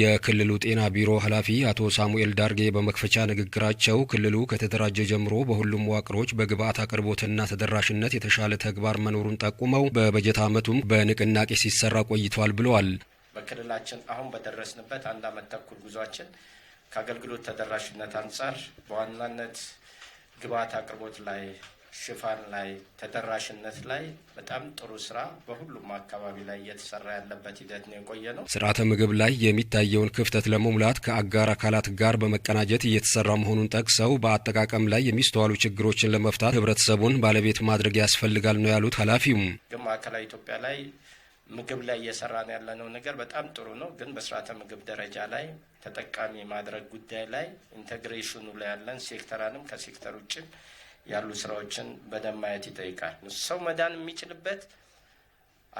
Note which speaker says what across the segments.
Speaker 1: የክልሉ ጤና ቢሮ ኃላፊ አቶ ሳሙኤል ዳርጌ በመክፈቻ ንግግራቸው ክልሉ ከተደራጀ ጀምሮ በሁሉም መዋቅሮች በግብአት አቅርቦትና ተደራሽነት የተሻለ ተግባር መኖሩን ጠቁመው በበጀት ዓመቱም በንቅናቄ ሲሰራ ቆይቷል ብለዋል።
Speaker 2: በክልላችን አሁን በደረስንበት አንድ ዓመት ተኩል ጉዟችን ከአገልግሎት ተደራሽነት አንጻር በዋናነት ግብአት አቅርቦት ላይ ሽፋን ላይ ተደራሽነት ላይ በጣም ጥሩ ስራ በሁሉም አካባቢ ላይ እየተሰራ ያለበት ሂደት ነው የቆየ ነው።
Speaker 1: ስርዓተ ምግብ ላይ የሚታየውን ክፍተት ለመሙላት ከአጋር አካላት ጋር በመቀናጀት እየተሰራ መሆኑን ጠቅሰው በአጠቃቀም ላይ የሚስተዋሉ ችግሮችን ለመፍታት ህብረተሰቡን ባለቤት ማድረግ ያስፈልጋል ነው ያሉት ኃላፊውም።
Speaker 2: ግን ማዕከላዊ ኢትዮጵያ ላይ ምግብ ላይ እየሰራን ያለነው ነገር በጣም ጥሩ ነው። ግን በስርዓተ ምግብ ደረጃ ላይ ተጠቃሚ ማድረግ ጉዳይ ላይ ኢንቴግሬሽኑ ላይ ያለን ሴክተራንም ከሴክተር ውጭ ያሉ ስራዎችን በደንብ ማየት ይጠይቃል። ሰው መዳን የሚችልበት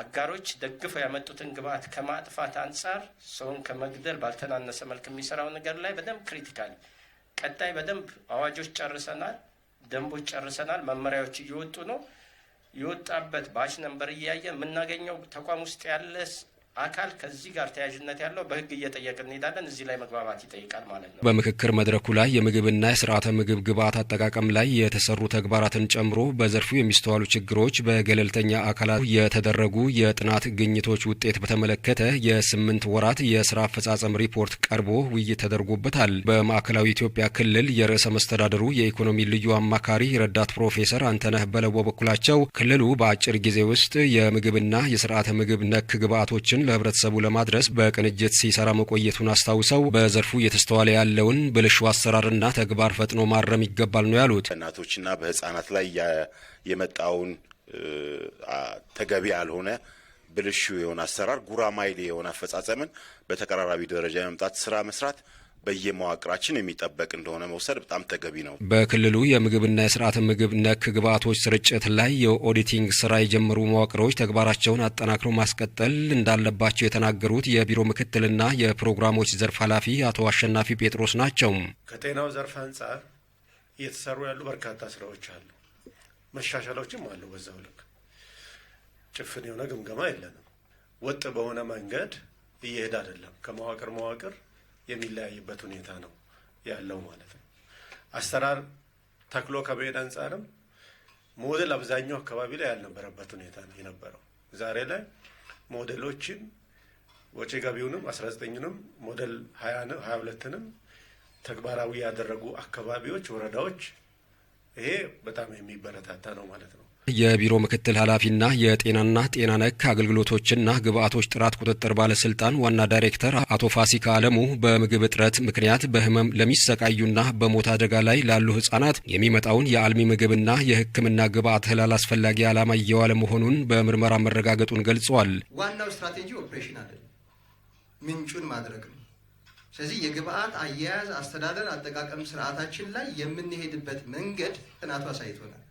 Speaker 2: አጋሮች ደግፈው ያመጡትን ግብአት ከማጥፋት አንጻር ሰውን ከመግደል ባልተናነሰ መልክ የሚሰራው ነገር ላይ በደንብ ክሪቲካል ቀጣይ በደንብ አዋጆች ጨርሰናል፣ ደንቦች ጨርሰናል፣ መመሪያዎች እየወጡ ነው። የወጣበት ባች ነንበር እያየ የምናገኘው ተቋም ውስጥ ያለ አካል ከዚህ ጋር ተያዥነት ያለው በህግ እየጠየቅ እንሄዳለን። እዚህ ላይ መግባባት ይጠይቃል ማለት ነው።
Speaker 1: በምክክር መድረኩ ላይ የምግብና የስርዓተ ምግብ ግብዓት አጠቃቀም ላይ የተሰሩ ተግባራትን ጨምሮ በዘርፉ የሚስተዋሉ ችግሮች በገለልተኛ አካላት የተደረጉ የጥናት ግኝቶች ውጤት በተመለከተ የስምንት ወራት የስራ አፈጻጸም ሪፖርት ቀርቦ ውይይት ተደርጎበታል። በማዕከላዊ ኢትዮጵያ ክልል የርዕሰ መስተዳደሩ የኢኮኖሚ ልዩ አማካሪ ረዳት ፕሮፌሰር አንተነህ በለቦ በኩላቸው ክልሉ በአጭር ጊዜ ውስጥ የምግብና የስርዓተ ምግብ ነክ ግብዓቶችን ለህብረተሰቡ ለማድረስ በቅንጅት ሲሰራ መቆየቱን አስታውሰው በዘርፉ እየተስተዋለ ያለውን ብልሹ አሰራርና ተግባር ፈጥኖ ማረም ይገባል ነው ያሉት።
Speaker 3: በእናቶችና በህጻናት ላይ የመጣውን ተገቢ ያልሆነ ብልሹ የሆነ አሰራር ጉራማይሌ የሆነ አፈጻጸምን በተቀራራቢ ደረጃ የመምጣት ስራ መስራት በየመዋቅራችን የሚጠበቅ እንደሆነ መውሰድ በጣም ተገቢ ነው።
Speaker 1: በክልሉ የምግብና የስርዓተ ምግብ ነክ ግብዓቶች ስርጭት ላይ የኦዲቲንግ ስራ የጀመሩ መዋቅሮች ተግባራቸውን አጠናክረው ማስቀጠል እንዳለባቸው የተናገሩት የቢሮ ምክትልና የፕሮግራሞች ዘርፍ ኃላፊ አቶ አሸናፊ ጴጥሮስ ናቸው።
Speaker 2: ከጤናው ዘርፍ አንጻር እየተሰሩ ያሉ በርካታ ስራዎች አሉ፣ መሻሻሎችም አሉ። በዛው ልክ ጭፍን የሆነ ግምገማ የለንም። ወጥ በሆነ መንገድ እየሄደ አይደለም። ከመዋቅር መዋቅር የሚለያይበት ሁኔታ ነው ያለው ማለት ነው። አሰራር ተክሎ ከመሄድ አንጻርም ሞዴል አብዛኛው አካባቢ ላይ ያልነበረበት ሁኔታ ነው የነበረው። ዛሬ ላይ ሞዴሎችን ወጪ ገቢውንም 19 ዘጠኝንም ሞዴል 22ንም ተግባራዊ ያደረጉ አካባቢዎች፣ ወረዳዎች ይሄ በጣም የሚበረታታ ነው ማለት ነው።
Speaker 1: የቢሮ ምክትል ኃላፊና የጤናና ጤና ነክ አገልግሎቶችና ግብአቶች ጥራት ቁጥጥር ባለስልጣን ዋና ዳይሬክተር አቶ ፋሲካ አለሙ በምግብ እጥረት ምክንያት በህመም ለሚሰቃዩና በሞት አደጋ ላይ ላሉ ህጻናት የሚመጣውን የአልሚ ምግብና የህክምና ግብአት ላላስፈላጊ ዓላማ እየዋለ መሆኑን በምርመራ መረጋገጡን ገልጸዋል።
Speaker 2: ዋናው ስትራቴጂ ኦፕሬሽን አይደለም፣ ምንጩን ማድረግ ነው ስለዚህ የግብአት አያያዝ፣ አስተዳደር፣ አጠቃቀም ስርዓታችን ላይ የምንሄድበት መንገድ ጥናቱ አሳይቶናል።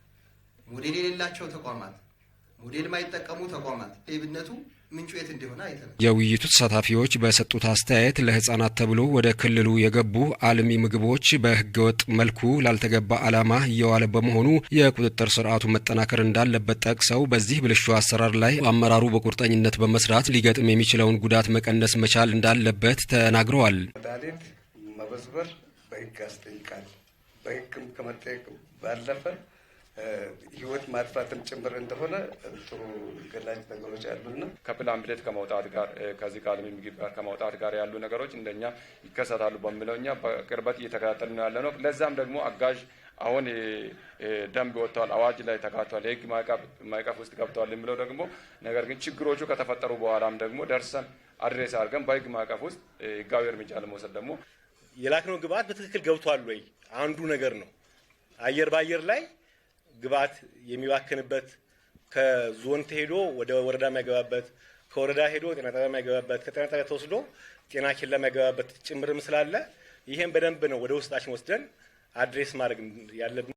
Speaker 2: ሞዴል የሌላቸው ተቋማት ሞዴል ማይጠቀሙ ተቋማት ሌብነቱ ምንጩ የት እንደሆነ አይተናል።
Speaker 1: የውይይቱ ተሳታፊዎች በሰጡት አስተያየት ለህጻናት ተብሎ ወደ ክልሉ የገቡ አልሚ ምግቦች በህገወጥ መልኩ ላልተገባ ዓላማ እየዋለ በመሆኑ የቁጥጥር ስርዓቱ መጠናከር እንዳለበት ጠቅሰው በዚህ ብልሹ አሰራር ላይ አመራሩ በቁርጠኝነት በመስራት ሊገጥም የሚችለውን ጉዳት መቀነስ መቻል እንዳለበት ተናግረዋል።
Speaker 2: መድኃኒት መበዝበር በህግ ያስጠይቃል። በሕግም ከመጠየቅ ባለፈ ህይወት ማጥፋትም ጭምር እንደሆነ ጥሩ ገላጭ ነገሮች ያሉና
Speaker 4: ከፕላን ብሌት ከመውጣት ጋር ከዚህ ከአለም ምግብ ጋር ከመውጣት ጋር ያሉ ነገሮች እንደኛ ይከሰታሉ በሚለው እኛ በቅርበት እየተከታተል ነው ያለ ነው። ለዛም ደግሞ አጋዥ አሁን ደንብ ወጥተዋል፣ አዋጅ ላይ ተካቷል፣ የህግ ማዕቀፍ ውስጥ ገብተዋል የሚለው ደግሞ ነገር ግን ችግሮቹ ከተፈጠሩ በኋላም ደግሞ ደርሰን አድሬስ አድርገን በህግ ማዕቀፍ ውስጥ ህጋዊ እርምጃ ለመውሰድ ደግሞ
Speaker 5: የላክነው ግብአት በትክክል ገብቷል ወይ አንዱ ነገር ነው። አየር በአየር ላይ ግብአት የሚባክንበት ከዞን ተሄዶ ወደ ወረዳ የሚያገባበት ከወረዳ ሄዶ ጤና ጣቢያ የማይገባበት ከጤና ጣቢያ ተወስዶ ጤና ኬላ የማይገባበት ጭምርም ስላለ ይሄን በደንብ ነው ወደ ውስጣችን ወስደን አድሬስ ማድረግ ያለብን።